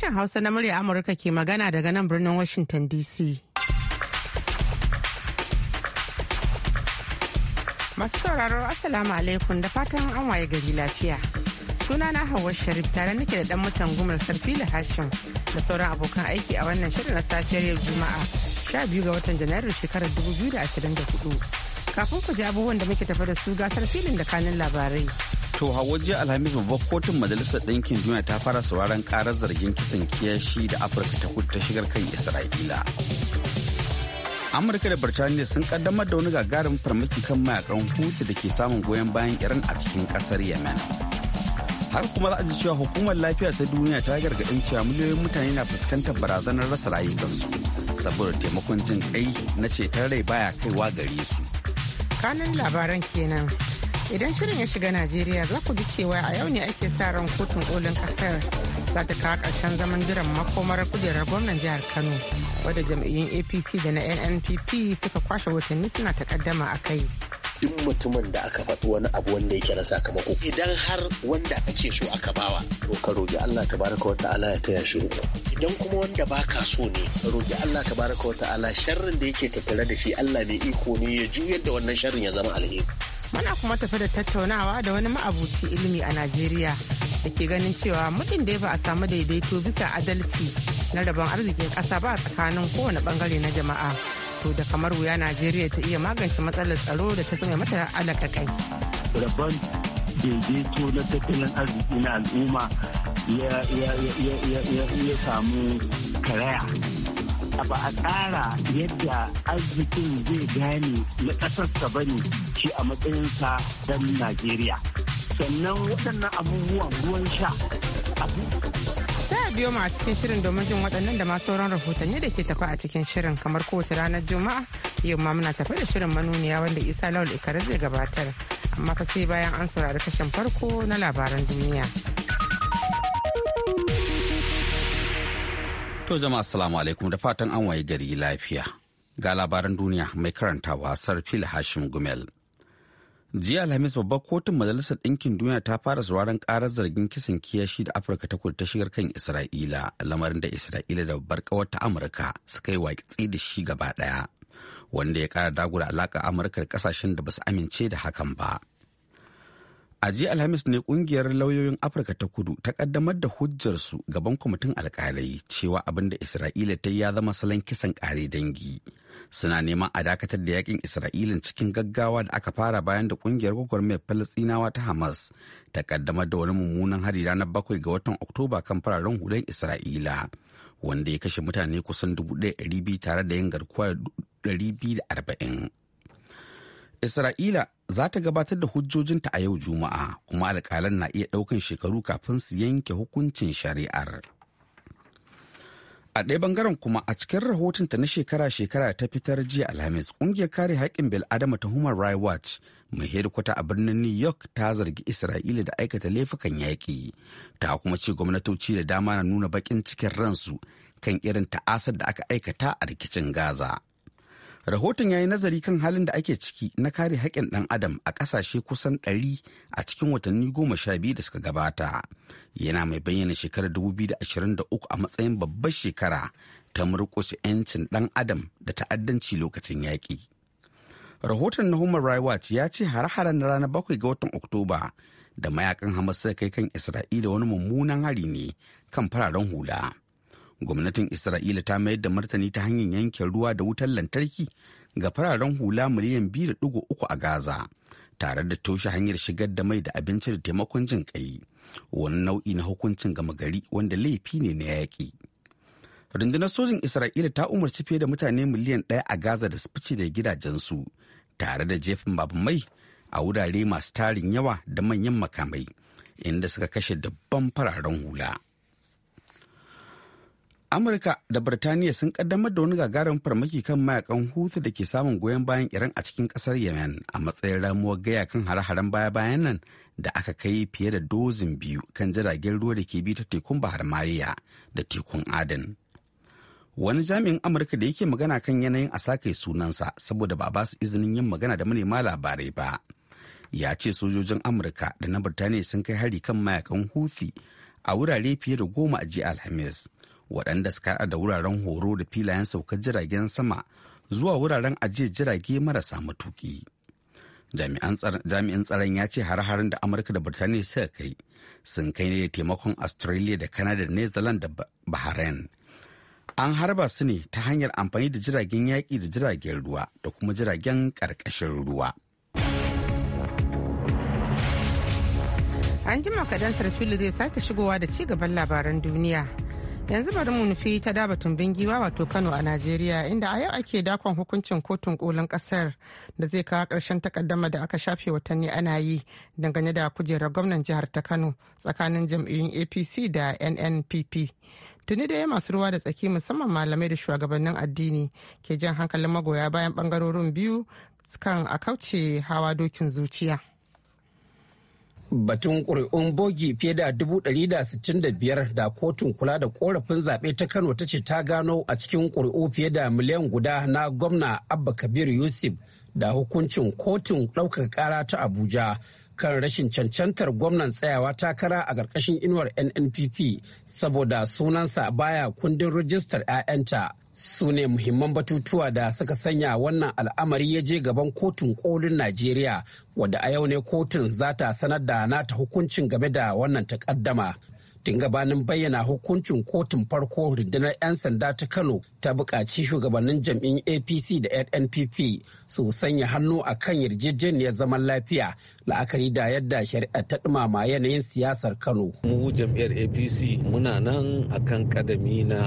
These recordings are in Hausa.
Sashen Hausa na murya Amurka ke magana daga nan birnin Washington DC. Masu sauraro Assalamu alaikum da fatan an waye gari lafiya. Suna na Hauwa Sharif tare nake da dan mutan gumar da Hashim da sauran abokan aiki a wannan shirin na safiyar yau Juma'a 12 ga watan Janairu shekarar 2024. Kafin ku ji abubuwan da muke tafa da su gasar filin da kanin labarai. To hawa jiya Alhamis babbar kotun Majalisar Ɗinkin Duniya ta fara sauraron karar zargin kisan kiyashi da Afirka ta kudu ta shigar kan Isra'ila. Amurka da Birtaniya sun kaddamar da wani gagarin farmaki kan mayakan hutu da ke samun goyon bayan Iran a cikin kasar Yemen. Har kuma za a ji cewa hukumar lafiya ta duniya ta gargaɗin cewa miliyoyin mutane na fuskantar barazanar rasa rayukansu saboda taimakon jin kai na ceton rai baya kaiwa gare su. Kanun labaran kenan. Idan shirin ya shiga Najeriya za ku ji cewa a yau ne ake sa ran kotun kolin kasar za ta kawo ƙarshen zaman jiran makomar kujerar gwamnan jihar Kano wadda jam'iyyun APC da na NNPP suka kwashe watanni suna takaddama a kai. duk mutumin da aka faɗi wani abu wanda yake na sakamako idan har wanda ake so aka bawa to ka roƙi Allah tabaraka wa ta'ala ya taya shi idan kuma wanda baka so ne ka roƙi Allah tabaraka wa ta'ala sharrin da yake tattare da shi Allah mai iko ne ya juyar da wannan sharrin ya zama alheri Muna kuma tafi da tattaunawa da wani ma'abuci ilimi a Najeriya da ke ganin cewa mutum da ya ba a samu daidaito bisa adalci na rabon arzikin ƙasa ba tsakanin kowane bangare na jama'a. To da kamar wuya Najeriya ta iya magance matsalar tsaro da ta zama mata kai. Rabon daidaito na tattalin arziki na al'umma ya samu karaya. a ba a tsara yadda arzikin zai gane na ƙasarsa ba ne shi a matsayinsa don Najeriya. Sannan waɗannan abubuwan ruwan sha biyo mu a cikin shirin domin jin waɗannan da masu sauran rahotanni da ke tafa a cikin shirin kamar kowace ranar juma'a yau ma muna tafi da shirin manuniya wanda isa lawal ikare zai gabatar amma fa sai bayan an saurari kashin farko na labaran duniya. To jama'a assalamu alaikum da fatan an waye gari lafiya. Ga labaran duniya mai karanta wasar fil Hashim Gumel. Jiya Alhamis babbar kotun Majalisar Ɗinkin Duniya ta fara sauraron ƙarar zargin kisan kiyashi da Afirka ta kudu ta shigar kan Isra'ila, lamarin da Isra'ila da babbar ƙawarta ta Amurka suka yi watsi da shi gaba ɗaya, wanda ya ƙara dagula alaƙa Amurka da kasashen da ba su amince da hakan ba. a jiya alhamis ne kungiyar lauyoyin afirka ta kudu ta kaddamar da hujjarsu gaban kwamitin alkalai cewa abin da isra'ila ta ya zama salon kisan kare dangi suna neman a dakatar da yakin isra'ila cikin gaggawa da aka fara bayan da kungiyar mai Falasinawa ta hamas ta kaddamar da wani mummunan hari ranar bakwai ga watan oktoba kan fararen hulan isra'ila wanda ya kashe mutane kusan 1,200 tare da yin garkuwa 240 Isra'ila za ta gabatar da hujjojinta a yau juma'a kuma alƙalan na iya ɗaukan shekaru kafin su yanke hukuncin shari'ar a ɗaya bangaren kuma a cikin rahotonta na shekara-shekara ta fitar jiya alhamis ƙungiyar kare haƙƙin bil'adama ta human rights watch mai hedikwata a birnin new york ta zargi isra'ila da aikata laifukan yaƙi ta kuma ce gwamnatoci da dama na nuna baƙin cikin ransu kan irin ta'asar da aka aikata a rikicin gaza Rahoton ya yi nazari kan halin da ake ciki na kare haƙƙin ɗan adam a ƙasashe kusan ɗari a cikin watanni goma sha biyu da suka gabata. Yana mai bayyana shekarar 2023 a matsayin babbar shekara ta murƙushe 'yancin ɗan adam da ta'addanci lokacin yaƙi. rahoton na human rights watch ya ce hare hare na ranar bakwai ga watan oktoba da mayakan hamas suka kai kan isra'ila wani mummunan hari ne kan fararen hula gwamnatin isra'ila ta mayar da martani ta hanyar yanke ruwa da wutar lantarki ga fararen hula miliyan biyu da uku a gaza tare da toshe hanyar shigar da mai da abinci da taimakon jin kai wani nau'i na hukuncin gama gari wanda laifi ne na yaƙi rundunar sojin isra'ila ta umarci fiye da mutane miliyan ɗaya a gaza da su fice da gidajensu tare da jefin babu mai a wurare masu tarin yawa da manyan makamai inda suka kashe dabban fararen hula. amurka da birtaniya sun kaddamar da wani gagarin farmaki kan mayakan hutu da ke samun goyon bayan iran a cikin kasar yemen a matsayin ramuwar gaya kan hare-haren baya-bayan nan da aka kai fiye da dozin biyu kan jiragen ruwa da ke bi ta tekun bahar mariya da tekun aden wani jami'in amurka da yake magana kan yanayin a sake sunansa saboda ba ba su izinin yin magana da manema labarai ba ya ce sojojin amurka da na birtaniya sun kai hari kan mayakan Hutu a wurare fiye da goma a jiya alhamis waɗanda suka haɗa da wuraren horo da filayen saukar jiragen sama zuwa wuraren ajiye jirage marasa matuki. Jami'in tsaron ya ce har-harin da Amurka da Birtaniya suka kai sun kai ne da taimakon Australia da Canada da Netherlands da Bahrain. An harba su ne ta hanyar amfani da jiragen yaƙi da jiragen ruwa da kuma jiragen ƙarƙashin ruwa. An jima kadan fili zai sake shigowa da ci gaban labaran duniya. yanzu bari mu nufi ta daba tumbin giwa wato kano a najeriya inda a yau ake dakon hukuncin kotun kolin kasar da zai kawo karshen takaddama da aka shafe watanni ana yi dangane da kujerar gwamnan jihar ta kano tsakanin jam'iyyun apc da nnpp tuni da masu ruwa da tsaki musamman malamai da shugabannin addini ke jan hankalin magoya bayan bangarorin biyu kan a kauce hawa dokin zuciya batun ƙuri'un bogi fiye da ɗari da da biyar kotun kula da ƙorafin zaɓe ta kano ta ce ta gano a cikin ƙuri'u fiye da miliyan guda na gwamna abba kabir yusuf da hukuncin kotun ɗaukaka ƙara ta abuja kan rashin cancantar gwamnan tsayawa takara a ƙarƙashin inuwar nnpp saboda sunansa baya kundin rijistar 'ya'yanta su ne muhimman batutuwa da suka sanya wannan al'amari ya je gaban kotun kolin najeriya wadda a yau ne kotun za ta sanar da nata hukuncin game da wannan takaddama tun gabanin bayyana hukuncin kotun farko rundunar 'yan sanda ta kano ta buƙaci shugabannin jam'in apc da nnpp su sanya hannu a kan yarjejeniyar zaman lafiya la'akari da yadda shari'a ta ɗumama yanayin siyasar kano mu jam'iyyar apc muna nan akan kadami na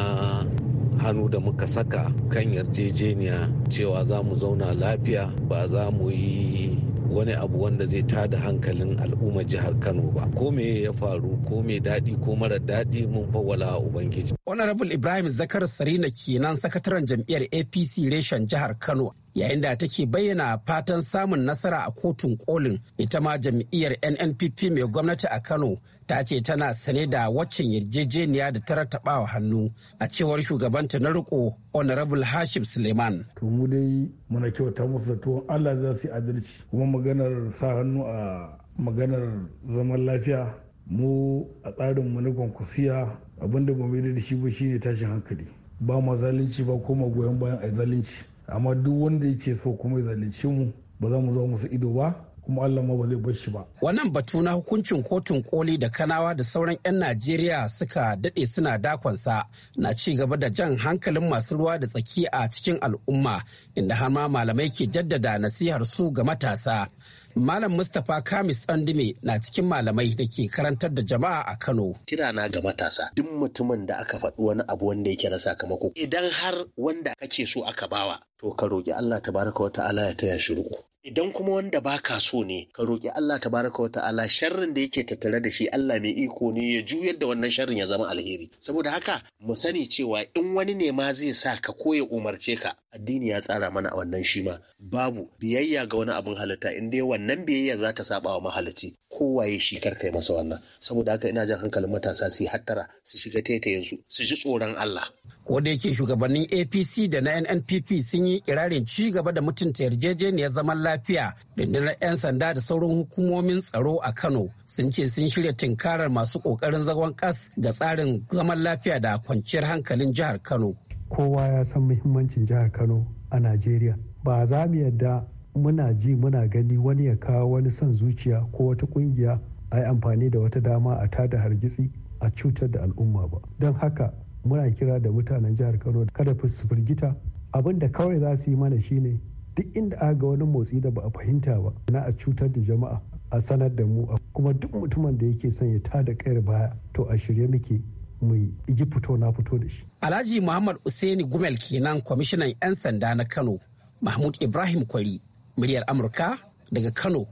hannu da muka saka kan yarjejeniya cewa za mu zauna lafiya ba za mu yi wani abu wanda zai tada hankalin al'ummar jihar Kano ba. Ko me ya faru ko me daɗi ko mara daɗi mun fawwala Ubangiji. Honorable Ibrahim Zakar Sarina kenan sakataren jam'iyyar APC reshen jihar Kano yayin da take bayyana fatan samun nasara a kotun kolin ita ma jam'iyyar NNPP mai gwamnati a Kano ta ce tana sane da waccan yarjejeniya da ta wa hannu a cewar shugabanta na riko honorable hashim suleiman to mu dai muna kyauta musu da tuwon allah za su yi adalci kuma maganar sa hannu a maganar zaman lafiya mu a tsarin mu na kwankwasiya abinda ba mu da shi ba shine tashin hankali ba ma zalunci ba koma goyon bayan a zalunci amma duk wanda yake so kuma ya zalunci mu ba za mu zo musu ido ba kuma Allah ma ba zai bar shi ba. Wannan batu na hukuncin kotun koli da kanawa da sauran 'yan Najeriya suka daɗe suna dakonsa na ci gaba da jan hankalin masu ruwa da tsaki a cikin al'umma inda har ma malamai ke jaddada nasihar su ga matasa. Malam Mustapha Kamis Andime na cikin malamai da ke karantar da jama'a a Kano. Kirana ga matasa duk mutumin da aka faɗi wani abu wanda yake na sakamako. Idan har wanda kake so aka bawa to ka roƙi Allah ta baraka wa ta'ala ya taya shi ruku. idan kuma wanda baka so ne ka roƙi Allah tabaraka wata'ala sharrin da yake tattare da shi Allah mai iko ne ya juyar da wannan sharrin ya zama alheri saboda haka mu sani cewa in wani ne ma zai sa ka ko ya umarce ka addini ya tsara mana a wannan shi ma babu biyayya ga wani abin halitta in dai wannan biyayya za ta saba wa mahalici kowaye shi kar kai masa wannan saboda haka ina jan hankalin matasa su hattara su shiga taitayen su su ji tsoron Allah ko da yake shugabannin apc da na nnpp sun yi kirarin ci gaba da mutunta yarjejeniyar zaman lafiya rundunar 'yan sanda da sauran hukumomin tsaro a kano sun ce sun shirya tinkarar masu kokarin zagon kas ga tsarin zaman lafiya da kwanciyar hankalin jihar kano kowa ya san muhimmancin jihar kano a najeriya ba za mu yadda muna ji muna gani wani ya kawo wani son zuciya ko wata kungiya a yi amfani da wata dama a tada hargitsi a cutar da al'umma ba don haka muna kira da mutanen jihar kano kada su firgita abin da kawai za su yi mana shine duk inda aka ga wani motsi da ba a fahimta ba na a cutar da jama'a a sanar da mu kuma duk mutumin da yake son ya tada kayar baya to a shirye muke mu yi fito na fito da shi. Alhaji Muhammad Usaini Gumel kenan kwamishinan 'yan sanda na Kano, Mahmud Ibrahim Kwari, muryar Amurka daga Kano,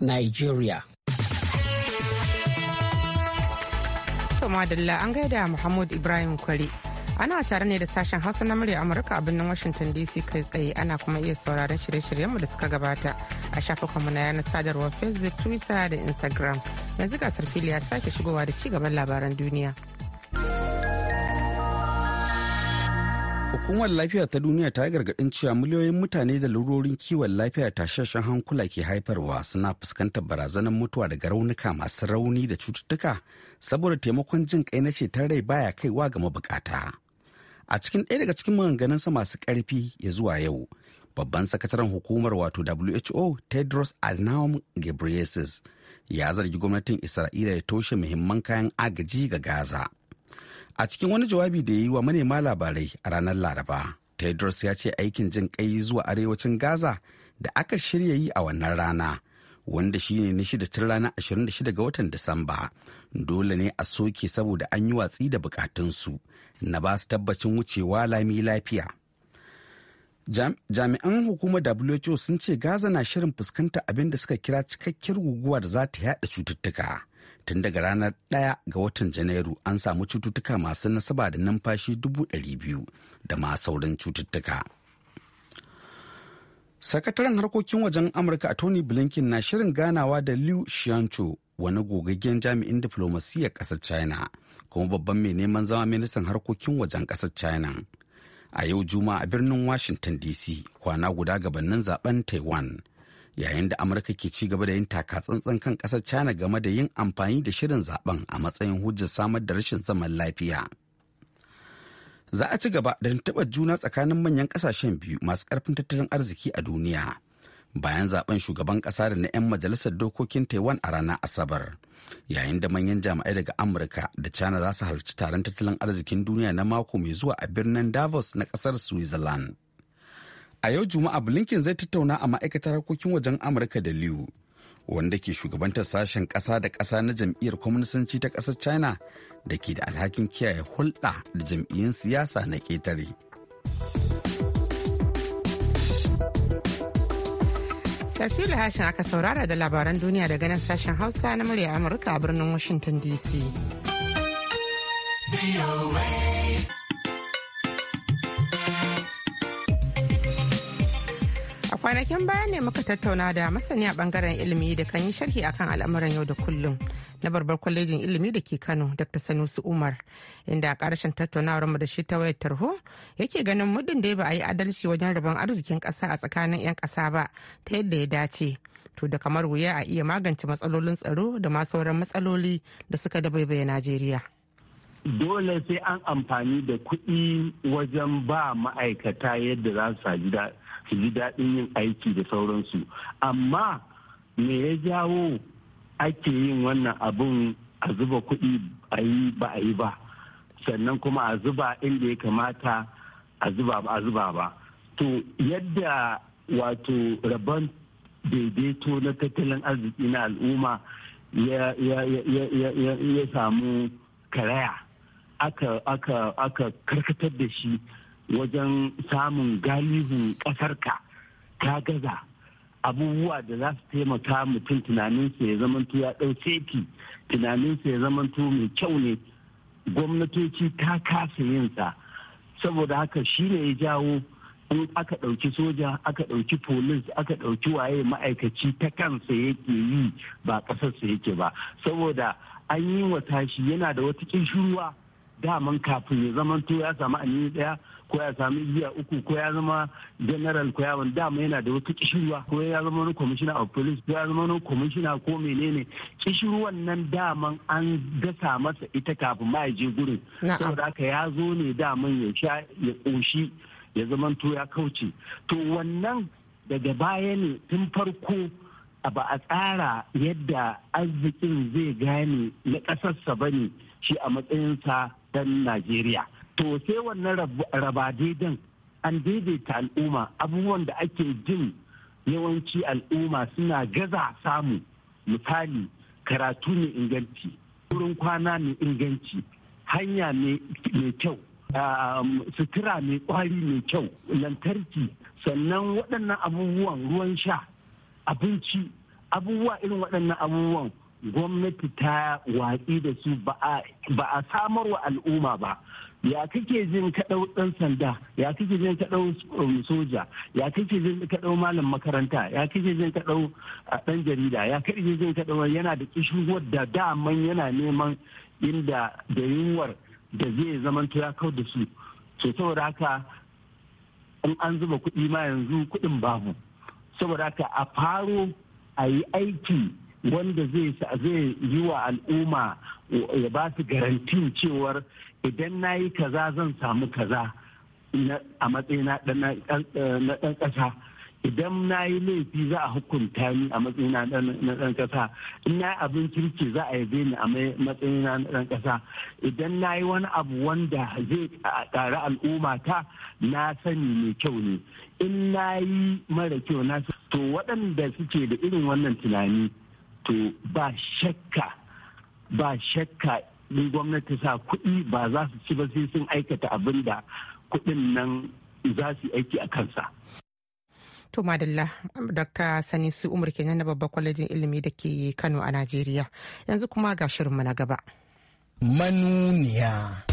Nigeria. To madalla an gaida Muhammad Ibrahim Kwari. Ana tare ne da sashen Hausa na murya Amurka a birnin Washington DC kai tsaye ana kuma iya sauraron shirye-shiryenmu da suka gabata a shafukanmu na yanar sadarwar Facebook, Twitter da Instagram. Yanzu gasar Sarfiliya ya sake shigowa da ci gaban labaran duniya. Hukumar lafiya ta duniya ta yi gargaɗin cewa miliyoyin mutane da lurorin kiwon lafiya tashashen hankula ke haifarwa suna fuskantar barazanar mutuwa daga raunuka masu rauni da cututtuka saboda taimakon jin kai na ceton rai baya kaiwa ga mabukata. A cikin ɗaya daga cikin maganganunsa masu ƙarfi ya zuwa yau, babban sakataren hukumar wato WHO Tedros Adhanom Ghebreyesus ya zargi gwamnatin Isra'ila ya toshe muhimman kayan agaji ga Gaza. a cikin wani jawabi da ya yi wa manema labarai a ranar laraba tedros ya ce aikin jin kai zuwa arewacin gaza da aka shirya yi a wannan rana wanda shi ne na shida tun ranar 26 ga watan disamba dole ne a soke saboda an yi watsi da bukatunsu na ba su tabbacin wucewa lami lafiya jami'an hukumar who sun ce gaza na shirin fuskanta abin da suka kira cikakkiyar guguwar za ta yada cututtuka tun daga ranar 1 ga watan janairu an samu cututtuka masu nasaba da numfashi 200,000 da ma sauran cututtuka. sakataren harkokin wajen amurka a tony blinken na shirin ganawa da liu xiancho wani gogaggen jami'in diflomasiyyar ƙasar china kuma babban mai neman zama ministan harkokin wajen ƙasar china a yau juma'a a birnin washington dc kwana guda gabanin zaben taiwan yayin da amurka ke ci gaba da yin taka tsantsan kan kasar china game da yin amfani da shirin zaben a matsayin hujjar samar da rashin zaman lafiya za a ci gaba da taɓa juna tsakanin manyan kasashen biyu masu karfin tattalin arziki a duniya bayan zaben shugaban ƙasa da na 'yan majalisar dokokin taiwan a ranar asabar yayin da manyan jami'ai daga amurka da china za su halarci taron tattalin arzikin duniya na mako mai zuwa a birnin davos na ƙasar switzerland a yau juma'a blinken zai tattauna a ma'aikatar harkokin wajen amurka da liu wanda ke shugabantar sashen ƙasa da ƙasa na jam'iyyar kwamnisanci ta ƙasar china da ke da alhakin kiyaye hulɗa da jam'iyyun siyasa na ƙetare. sarfi hashin aka saurara da labaran duniya daga nan sashen hausa na murya amurka a birnin washington dc. kwanakin baya ne muka tattauna da masani a bangaren ilimi da kan yi sharhi akan al'amuran yau da kullum na babbar kwalejin ilimi da ke kano dr sanusi umar inda a karshen tattaunawar mu da shi ta wayar tarho yake ganin muddin da ba a yi adalci wajen rabon arzikin kasa a tsakanin 'yan kasa ba ta yadda ya dace to da kamar wuya a iya magance matsalolin tsaro da ma sauran matsaloli da suka dabaibaye najeriya dole sai an amfani da kuɗi wajen ba ma'aikata yadda za su ji daɗin yin aiki da sauransu amma me ya jawo ake yin wannan abun a zuba kuɗi a ba a yi ba sannan kuma a zuba inda ya kamata a zuba ba a zuba ba to yadda wato rabon daidaito na tattalin arziki na al'umma ya samu karaya aka karkatar da shi wajen samun galibin ƙasarka ta gaza abubuwa da za su taimaka mutum tunaninsa ya zamanto ya ɗauce ki tunaninsa ya zamanto mai kyau ne gwamnatoci ta kasa yinsa saboda haka shi ne ya jawo in aka ɗauki soja aka ɗauki polis aka ɗauki waye ma'aikaci ta kansa yake yi ba ƙasarsa yake ba saboda an yi wa tashi yana da wata ƙin daman kafin ya zama to ya samu anini daya ko ya samu igiya uku ko ya zama general ko yawon dama yana da wata kishirwa ko ya zama wani commissioner of police ko ya zama wani commissioner ko menene kishirwan nan daman an gasa masa ita kafin ma je gurin saboda haka ya zo ne daman ya sha ya koshi ya zama to ya kauce to wannan daga baya ne tun farko ba a tsara yadda arzikin zai gane na ƙasarsa ba ne shi a matsayinsa dan Najeriya. To sai wannan raba daidan an daidaita al'umma abubuwan da ake jin yawanci al'umma suna gaza samu misali karatu mai inganci, wurin kwana mai inganci, hanya mai kyau, um, sutura mai kwari mai kyau, lantarki sannan waɗannan abubuwan ruwan sha abinci abubuwa irin waɗannan abubuwan gwamnati ta watsi da su ba a samar wa al'umma ba ya kake jin kaɗau ɗan sanda ya kake jin kaɗau um, soja ya kake jin kaɗau malam makaranta ya kake jin kaɗau ɗan jarida ya kake jin kaɗau yana da kishuwar da daman yana neman inda da yunwar da zai zaman ya kau da su to saboda haka in an zuba kuɗi ma yanzu kuɗin babu saboda haka a faro a yi aiki wanda zai yi wa al'umma ya ba su garantin cewar idan na yi kaza zan samu kaza a matsayina na ɗan ƙasa idan na yi laifi za a hukunta ni a matsayin na ɗan ƙasa in na abin kirki za a yabe ni a matsayin na ɗan ƙasa idan na yi wani abu wanda zai ƙara al'umma ta na sani mai kyau ne in na yi mara kyau na to waɗanda suke da irin wannan tunani to ba shakka ba shakka ni gwamnati sa kuɗi ba za su ci ba sai sun aikata abin da kuɗin nan za su aiki a kansa. To madalla Dr. su Umar kenan na babban kwalejin ilimi da ke Kano a Najeriya. Yanzu kuma ga shirinmu na gaba. Manuniya.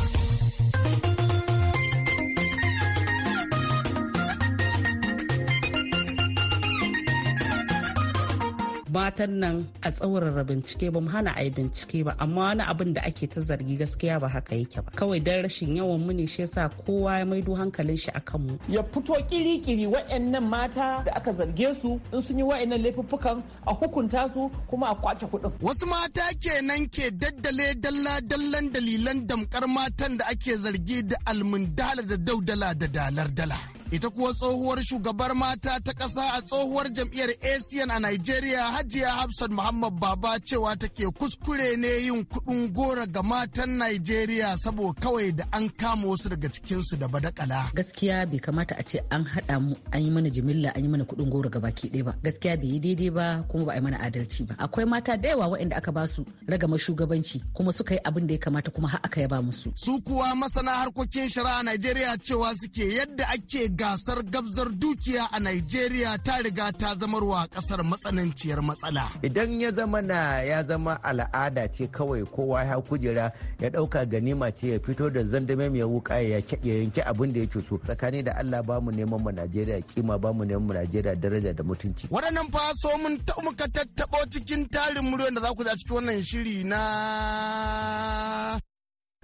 matan nan a tsaurara bincike ba mu hana a yi bincike ba amma wani abin da ake ta zargi gaskiya ba haka yake ba kawai dan rashin yawan mu ne shi yasa kowa ya maido hankalin shi akan mu ya fito kiri-kiri waɗannan mata da aka zarge su in sun yi wa'annan laifuffukan a hukunta su kuma a kwace kuɗin wasu mata kenan ke daddale dalla-dallan dalilan damkar matan da ake zargi da almundala da daudala da dalar dala Ita kuwa tsohuwar shugabar mata ta ƙasa a tsohuwar jam'iyyar ACN a Nigeria Hajiya Hafsat Muhammad Baba cewa take kuskure ne yin kudin gora ga matan Nigeria sabo kawai da an kama wasu daga cikinsu da badakala. Gaskiya bai kamata a ce an haɗa mu an yi mana jimilla an yi mana kudin gora ga baki ɗaya ba. Gaskiya bai yi daidai ba kuma ba a yi mana adalci ba. Akwai mata da yawa waɗanda aka ba su ragama shugabanci kuma suka yi abin da ya kamata kuma har aka yaba musu. Su kuwa masana harkokin shari'a Najeriya cewa suke yadda ake gasar gabzar dukiya a Najeriya ta riga ta zamarwa kasar matsananciyar matsala. Idan ya zama na ya zama al'ada ce kawai kowa ya kujera ya ɗauka ganima ce ya fito da zandame mai wuka ya yanke abin da yake so tsakani da Allah ba mu neman mu Najeriya kima ba mu neman mu Najeriya daraja da mutunci. Waɗannan fa so mun muka tattaɓo cikin tarin muryar da za ku za cikin wannan shiri na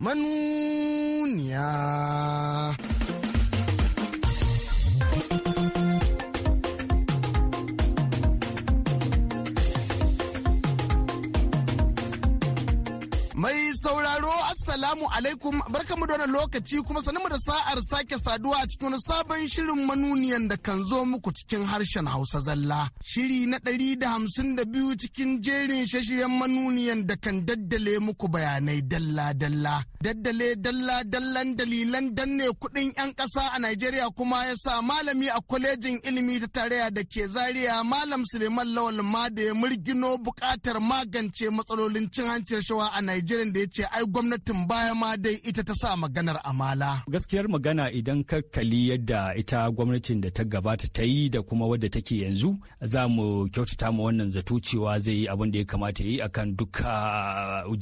manuniya. sauraro Assalamu alaikum barkamu da wannan lokaci kuma sanin da sa'ar sake saduwa a cikin sabon shirin manuniyan da kan zo muku cikin harshen Hausa zalla. Shiri na ɗari da hamsin da biyu cikin jerin shashiryan manuniyan da kan daddale muku bayanai dalla-dalla. Daddale dalla-dallan dalilan danne kuɗin 'yan ƙasa a Najeriya kuma ya sa malami a kwalejin ilimi ta tarayya da ke Zaria Malam Suleiman Lawal ma da ya murgino buƙatar magance matsalolin cin hanci rashawa a Najeriya da ya ce ai gwamnatin ba baya ma dai ita ta sa maganar amala. Gaskiyar magana idan ka kali yadda ita gwamnatin da ta gabata ta yi da kuma wadda take yanzu za mu kyautata ma wannan zato cewa zai yi abin da ya kamata yi akan duka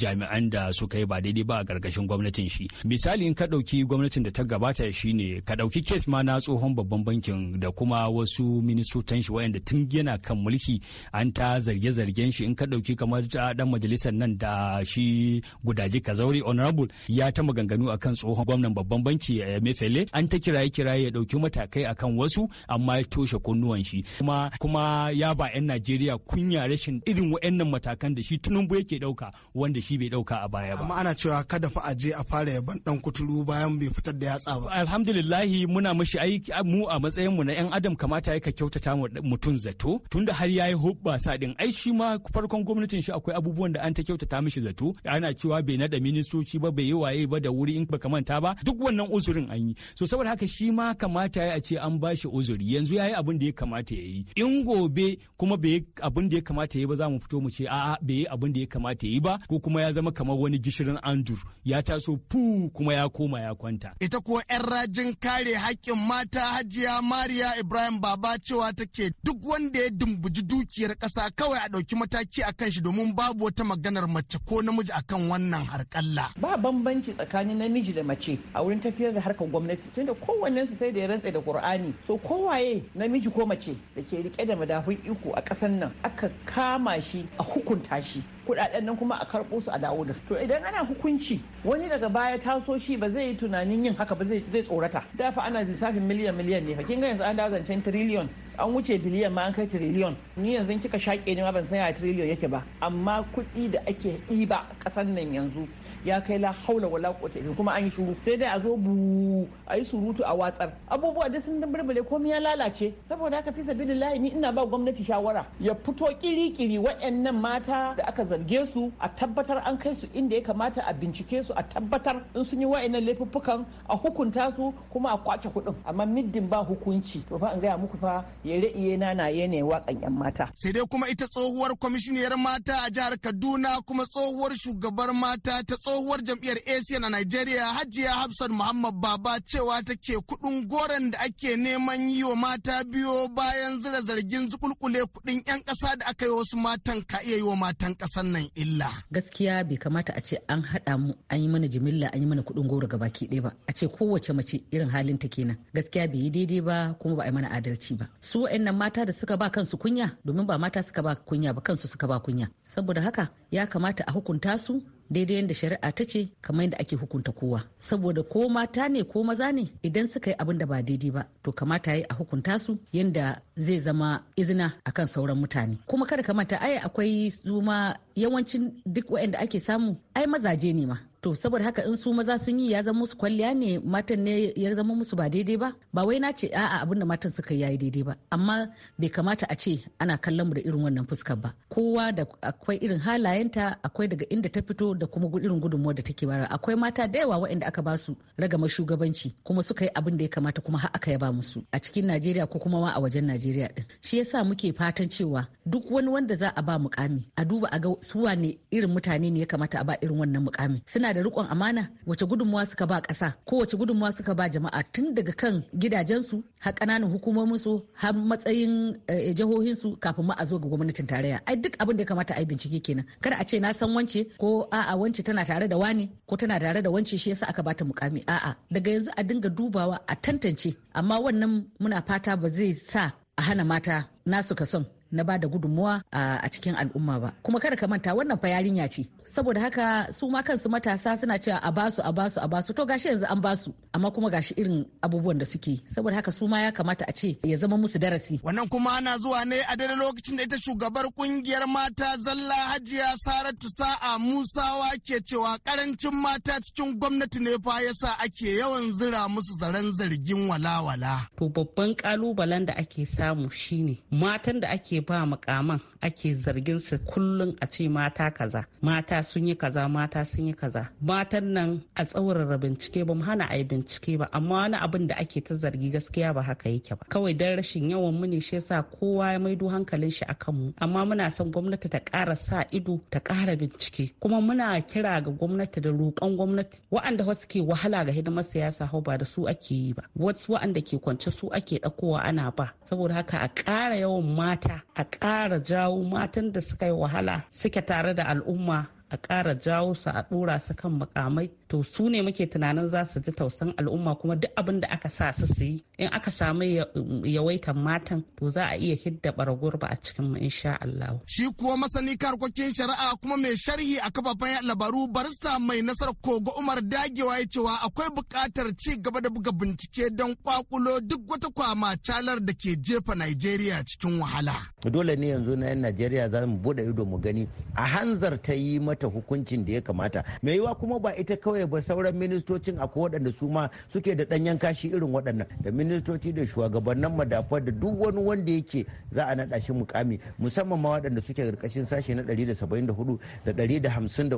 jami'an da suka yi ba daidai ba a ƙarƙashin gwamnatin shi. Misali in ka ɗauki gwamnatin da ta gabata shi ne ka ɗauki kes ma na tsohon babban bankin da kuma wasu ministotan shi waɗanda tun yana kan mulki an ta zarge-zargen shi in ka ɗauki kamar ɗan majalisar nan da shi gudaji kazauri honorable ya ta maganganu akan tsohon gwamnan babban banki a eh, mefele an ta kiraye kiraye ya dauki matakai akan wasu amma ya toshe kunnuwan shi kuma kuma ya ba 'yan Najeriya kunya rashin irin wa'annan matakan da shi tunumbu yake dauka wanda shi bai dauka a baya ba amma ana cewa kada fa a je a fara yaban dan kuturu bayan bai fitar da yatsa ba alhamdulillahi muna mishi aiki mu a matsayin mu na 'yan adam kamata ya ka kyautata mutum zato tunda har yayi hubbasa din ai shi ma farkon gwamnatin shi akwai abubuwan da an ta kyautata mishi zato ana cewa bai nada ministoci ba bai yi waye ba da wuri in baka manta ba duk wannan uzurin an yi so saboda haka shi ma kamata ya ce an bashi uzuri yanzu yayi abin da ya kamata ya yi in gobe kuma bai abin da ya kamata ya yi ba za mu fito mu ce a'a bai yi abin da ya kamata ya yi ba ko kuma ya zama kamar wani gishirin andur ya taso fu kuma ya koma ya kwanta ita kuwa yan rajin kare haƙƙin mata hajiya mariya ibrahim baba cewa take duk wanda ya dumbuji dukiyar ƙasa kawai a ɗauki mataki a kan shi domin babu wata maganar mace ko namiji akan wannan harƙalla. bambanci tsakanin namiji da mace a wurin tafiyar da harkar gwamnati tunda kowannen su sai da ya rantse da Qur'ani so kowaye namiji ko mace da ke rike da madafun iko a ƙasar nan aka kama shi a hukunta shi kudaden nan kuma a karɓo su a dawo da su to idan ana hukunci wani daga baya taso shi ba zai yi tunanin yin haka ba zai tsorata da fa ana lissafin miliyan miliyan ne fa kin ga an dawo zancen trillion an wuce biliyan ma an kai trillion ni yanzu kika shaƙe ni ma ban san ya trillion yake ba amma kuɗi da ake ɗiba a ƙasar nan yanzu ya kai la haula wala quwwata illa kuma an yi shiru. sai dai a zo bu a yi surutu a watsar abubuwa da sun burbule komai ya lalace saboda haka fi sabilillahi ni ina ba gwamnati shawara ya fito kiri-kiri waɗannan mata da aka zarge su a tabbatar an kai su inda ya kamata a bincike su a tabbatar in sun yi wa'annan laifuffukan a hukunta su kuma a kwace kuɗin amma middin ba hukunci to fa an gaya muku fa yare iye na na ne waƙan yan mata. sai dai kuma ita tsohuwar kwamishiniyar mata a jihar kaduna kuma tsohuwar shugabar mata ta tsohuwar jam'iyyar asian a nigeria hajiya hafsat muhammad baba cewa ta ke kuɗin goron da ake neman yi wa mata biyo bayan zira zargin zukulkule kuɗin 'yan ƙasa da aka yi wasu matan ka iya yi wa matan kasan. wannan illa gaskiya bai kamata a ce an haɗa mu an yi mana jimilla an yi mana kuɗin goro gabaki ɗaya ba a ce kowace mace irin halin ta kenan gaskiya bai yi daidai ba kuma ba a yi mana adalci ba su wa'annan mata da suka ba kansu kunya domin ba mata suka ba kunya ba kansu suka ba kunya saboda haka ya kamata a hukunta su daidai yadda shari'a ta ce kamar yadda ake hukunta kowa saboda ko mata ne ko maza ne idan suka yi abin da ba daidai ba to kamata yi a hukunta su yadda zai zama izina akan sauran mutane kuma kada kamata ai akwai su yawancin duk waɗanda ake samu ai mazaje ne ma to saboda haka in su maza sun yi ya zama musu kwalliya ne matan ne ya zama musu ba daidai ba ba wai na ce a'a abinda matan suka yi yayi daidai ba amma bai kamata a ce ana kallon mu da irin wannan fuskar ba kowa da akwai irin halayenta akwai daga inda ta fito da kuma irin gudunmuwar da take bara akwai mata da yawa waɗanda aka ba su ragama shugabanci kuma suka yi abin da ya kamata kuma har aka yaba musu a cikin Najeriya ko kuma ma a wajen Najeriya din shi yasa muke fatan cewa duk wani wanda za a ba mukami a duba a ga su wane irin mutane ne ya kamata a ba irin wannan mukami suna amana da rikon amana wace gudunmuwa suka ba ƙasa ko wace gudunmuwa suka ba jama'a tun daga kan gidajensu har ƙananan hukumominsu har matsayin eh, jihohinsu kafin ma a zo ga gwamnatin tarayya ai duk abin da ya kamata a yi bincike kenan kada a ce na san wance ko a'a wance tana tare da wani ko tana tare da wance shi yasa aka ba ta mukami a'a daga yanzu a dinga dubawa a tantance amma wannan muna fata ba zai sa a hana mata nasu son. na ba da gudunmuwa a cikin al'umma ba kuma kada ka manta wannan fa yarinya ce saboda haka su ma kansu matasa suna cewa a basu a basu a basu to gashi yanzu an basu amma kuma gashi irin abubuwan da suke saboda haka su ma ya kamata a ce ya zama musu darasi wannan kuma ana zuwa ne a daidai lokacin da ita shugabar kungiyar mata zalla hajiya saratu sa'a musawa ke cewa karancin mata cikin gwamnati ne fa yasa ake yawan zira musu zaren zargin walawala to babban kalubalen da ake samu shine matan da ake ba mukaman ake zargin su kullum a ce mata kaza mata sun yi kaza mata sun yi kaza matan nan a tsaurara bincike ba mu hana a yi bincike ba amma wani abin da ake ta zargi gaskiya ba haka yake ba kawai dan rashin yawan mu ne shi yasa kowa ya maido hankalin shi akan mu amma muna son gwamnati ta ƙara sa ido ta ƙara bincike kuma muna kira ga gwamnati da roƙon gwamnati wa'anda wasu ke wahala ga hidimar siyasa hau ba da su ake yi ba wasu wa'anda ke kwance su ake ɗakowa ana ba saboda haka a ƙara yawan mata a ƙara jawo matan da suka yi wahala suke tare da al'umma a ƙara jawo su a ɗora su kan mukamai to su ne muke tunanin za su ji tausan al'umma kuma duk abin da aka sa su su yi in aka samu yawaitan matan to za a iya hidda ba a cikin mu insha Allah shi kuwa masani karkokin shari'a kuma mai sharhi a kafafen labaru barista mai nasarar kogo Umar dagewa ya cewa akwai buƙatar ci gaba da buga bincike don kwakulo duk wata kwama calar da ke jefa Najeriya cikin wahala dole ne yanzu na yan Najeriya za mu bude ido mu gani a hanzar ta yi mata hukuncin da ya kamata mai yiwa kuma ba ita kawai kawai ba sauran ministocin ko waɗanda su ma suke da ɗanyen kashi irin waɗannan da ministoci da shugabannin madafa da duk wani wanda yake za a naɗa shi mukami musamman ma waɗanda suke karkashin sashe na 174 da 153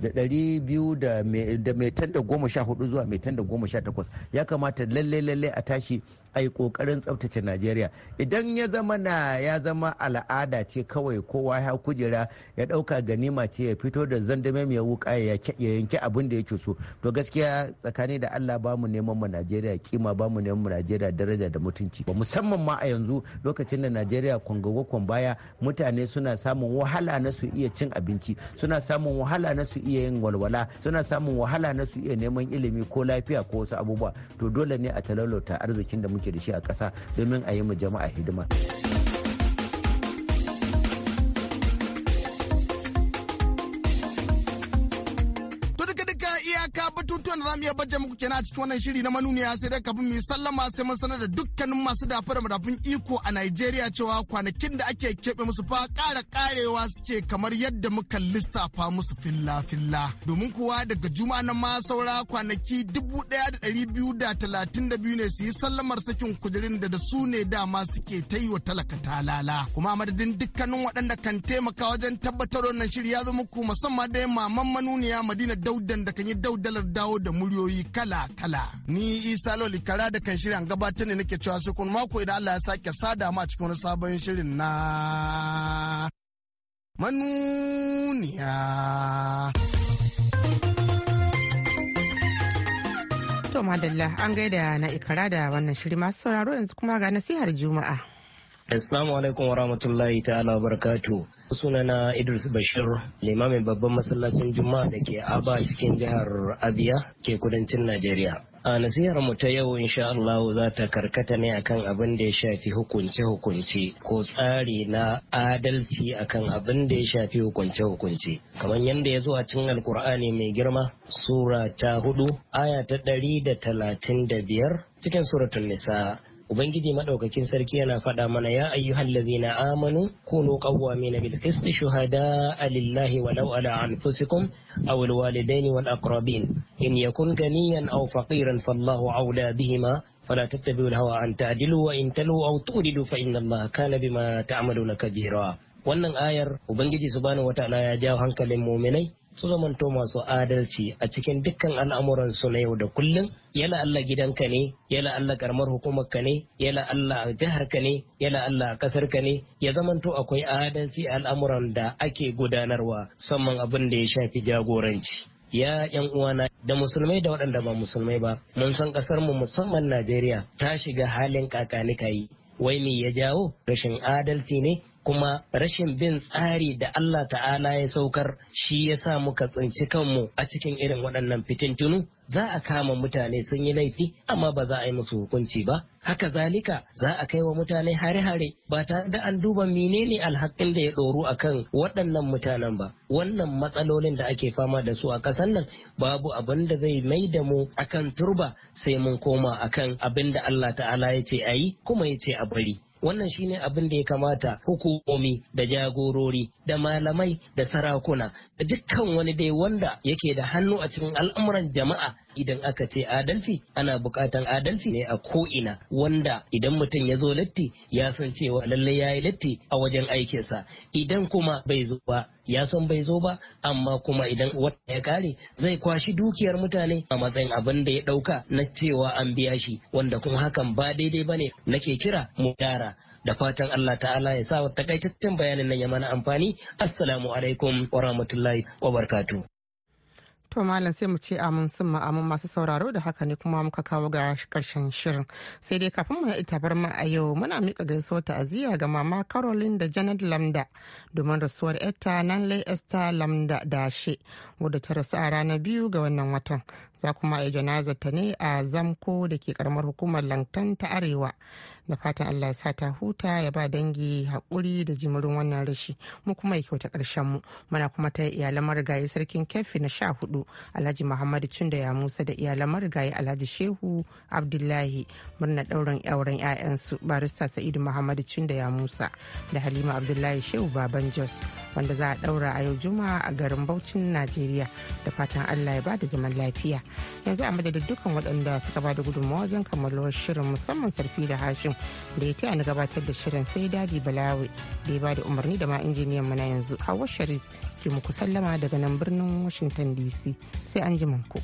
da 200 da mai tan da goma sha hudu zuwa mai tan da goma sha takwas ya kamata lalle lalle a tashi a yi kokarin tsaftace najeriya idan ya zama na ya zama al'ada ce kawai kowa ya kujera ya dauka ganima ce ya fito da zandame mai wuka ya yanke abin da yake so to gaskiya tsakani da allah ba mu neman mu najeriya kima ba mu neman mu najeriya daraja da mutunci musamman ma a yanzu lokacin da najeriya kwan baya mutane suna samun wahala na su iya cin abinci suna samun wahala na su iya yin walwala suna samun wahala na su iya neman ilimi ko lafiya ko wasu abubuwa to dole ne a talalauta arzikin da muke muke da shi a ƙasa domin a yi mu jama'a hidima. ya baje muku kenan a cikin wannan shiri na manuniya sai dai kafin mu yi sallama sai mun sanar da dukkanin masu dafa da madafin iko a Najeriya cewa kwanakin da ake keɓe musu fa ƙara ƙarewa suke kamar yadda muka lissafa musu filla filla domin kuwa daga juma na ma saura kwanaki dubu ɗaya da ɗari biyu da talatin da biyu ne su yi sallamar sakin kujerin da da su ne dama suke ta yi wa talaka talala kuma madadin dukkanin waɗanda kan taimaka wajen tabbatar wannan shiri ya zo muku musamman dai maman manuniya Madina Daudan da kan yi daudalar dawo da mulki. muryoyi kala-kala. Ni Isa Loli kara da kan shirin gabatar ne nake cewa sai kun mako idan Allah ya sake sada ma cikin wani sabon shirin na manuniya. To madalla an gaida na ikara da wannan shiri masu sauraro yanzu kuma ga nasihar Juma'a. Assalamu alaikum wa rahmatullahi ta'ala barakatu. Sunana Idris Bashir, limamin babban masallacin Juma'a da ke Aba cikin jihar Abia ke kudancin Najeriya. A nasihar mu ta yau insha Allah za ta karkata ne akan abin da ya shafi hukunce-hukunce ko tsari na adalci akan abin da ya shafi hukunce-hukunce. Kamar yadda ya zo a cikin Alkur'ani mai girma, Sura ta hudu, aya ta ɗari da talatin da biyar cikin suratun Nisa. ubangiji madaukakin sarki yana faɗa mana ya ayyuhan lazina amanu kunu qawwamina bil qist shuhada'a lillahi walau ala anfusikum aw al walidaini wal akrabin in yakun ganiyan aw faqiran fallahu awla bihima an تتبعوا الهوى in تعدلوا au تلوا أو تؤردوا Allah الله كان بما na كبيرا wannan ayar ubangiji subhanahu wataala ya jawo hankalin muminai su zamanto masu adalci a cikin dukkan al'amuran su na yau da kullum yana Allah gidanka ne yana Allah karamar hukumarka ne yana Allah a jiharka ne yana Allah a ka ne ya zamanto akwai adalci a al'amuran da ake gudanarwa musamman abin da ya shafi jagoranci ya yan uwana da musulmai da waɗanda ba musulmai ba mun san ƙasar mu musamman Najeriya ta shiga halin kakanikayi. wai me ya jawo rashin adalci ne kuma rashin bin tsari da Allah ta'ala ya saukar shi ya sa muka tsinci kanmu a cikin irin waɗannan fitintunu za a kama mutane sun yi laifi amma ba za a yi musu hukunci ba haka zalika za a kai wa mutane hare-hare ba tare da an duba menene alhakin da ya ɗoru akan waɗannan mutanen ba wannan matsalolin da ake fama da su a ƙasar nan babu abin da zai mai da mu akan turba sai mun koma akan abin da Allah ta'ala ya ce a yi kuma ya ce a bari wannan shine abin da ya kamata hukumomi da jagorori da malamai da sarakuna da dukkan wani dai wanda yake da hannu a cikin al'amuran jama'a idan aka ce adalci ana bukatan adalci ne a ko'ina wanda idan mutum ya zo latti ya san cewa lallai ya yi latti a wajen aikinsa idan kuma bai zo ba ya san bai zo ba amma kuma idan wata ya kare zai kwashi dukiyar mutane a matsayin abin da ya dauka na cewa an biya shi wanda kuma hakan ba daidai bane nake kira mu gyara da fatan Allah ta'ala ya sa wa takaitaccen bayanin nan ya mana amfani assalamu alaikum wa rahmatullahi wa barkatu To malam sai mu ce amin sun ma'amin masu sauraro da haka ne kuma muka kawo ga karshen shirin. Sai dai kafin mu yi tabar ma a yau muna mika ta ta'aziyya ga mama Caroline da Janet Lamda domin rasuwar yarta lai Esther Lamda da shi wadda ta rasu a ranar biyu ga wannan watan. za kuma a janazar ta ne a zamko da ke karamar hukumar lantan ta arewa da fatan allah ya sa ta huta ya ba dangi haƙuri da jimirin wannan rashi mu kuma ya kyauta ƙarshen mu muna kuma ta iyalan marigayi sarkin kefi na sha hudu alhaji muhammadu da ya musa da iyalan marigayi alhaji shehu abdullahi murna ɗaurin yauren 'ya'yansu barista sa'idu muhammadu da ya musa da halima abdullahi shehu baban jos wanda za a ɗaura a yau juma'a a garin bauchin najeriya da fatan allah ya ba da zaman lafiya yanzu a madadin dukkan waɗanda suka ba da gudunmawa wajen kammalo shirin musamman sarfi da hashim da ya taya ni gabatar da shirin sai dadi balawi da ya ba da umarni da ma injiniyan mana yanzu hawa sharif ke muku sallama daga nan birnin washington dc sai an ji ku.